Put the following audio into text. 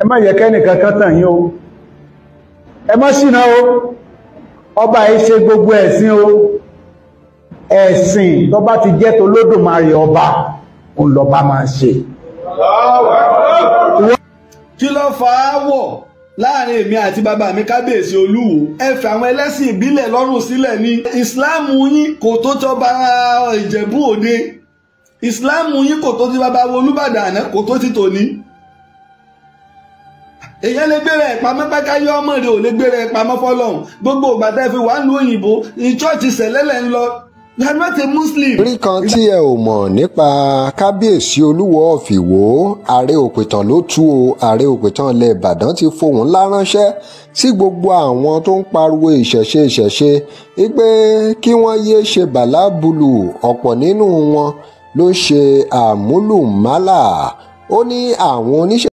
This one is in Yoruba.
ẹ má yẹ kẹ́nìkan kan tàn yín o ẹ má ṣìnà o ọba yìí ṣe gbogbo ẹ̀sìn o ẹ̀sìn tó ti jẹ́ t'Olódùmarè ọba òun lọ́ba máa ń ṣe. kí ló fa áwọ̀ láàrin èmi àti bàbá mi kábíyèsí olúwo ẹ fẹ́ àwọn ẹlẹ́sìn ìbílẹ̀ lọ́rùn sílẹ̀ ní ìsìláàmù yín kò tó tọba ìjẹ̀bú òde ìsìláàmù yín kò tó ti bàbá wo kò tó ti tòní èyàn lè gbéra ẹ̀ pamọ́ pé káyọ́ ọmọ rẹ̀ ò lè gbéra ẹ̀ pamọ́ fọlọ́hún gbogbo ìgbà tá ẹ fi wàá lu òyìnbó ní chọ́ọ̀chì sẹ̀lẹ́lẹ̀ ń lọ you are not a muslim. rí kan tí ẹ ò mọ̀ nípa kábíyèsí olúwo of Ìwó ààrẹ òpìtàn ló tú o ààrẹ òpìtàn ilẹ̀ ìbàdàn ti fohùn ńlá ránṣẹ́ sí gbogbo àwọn tó ń pariwo ìṣẹ̀ṣe ìṣẹ̀ṣe wípé kí wọ́n yéé ṣe bàlábùlù ọ̀pọ̀ nínú wọn ló ṣe àmúlùmálà ó ní àwọn oníṣẹ́.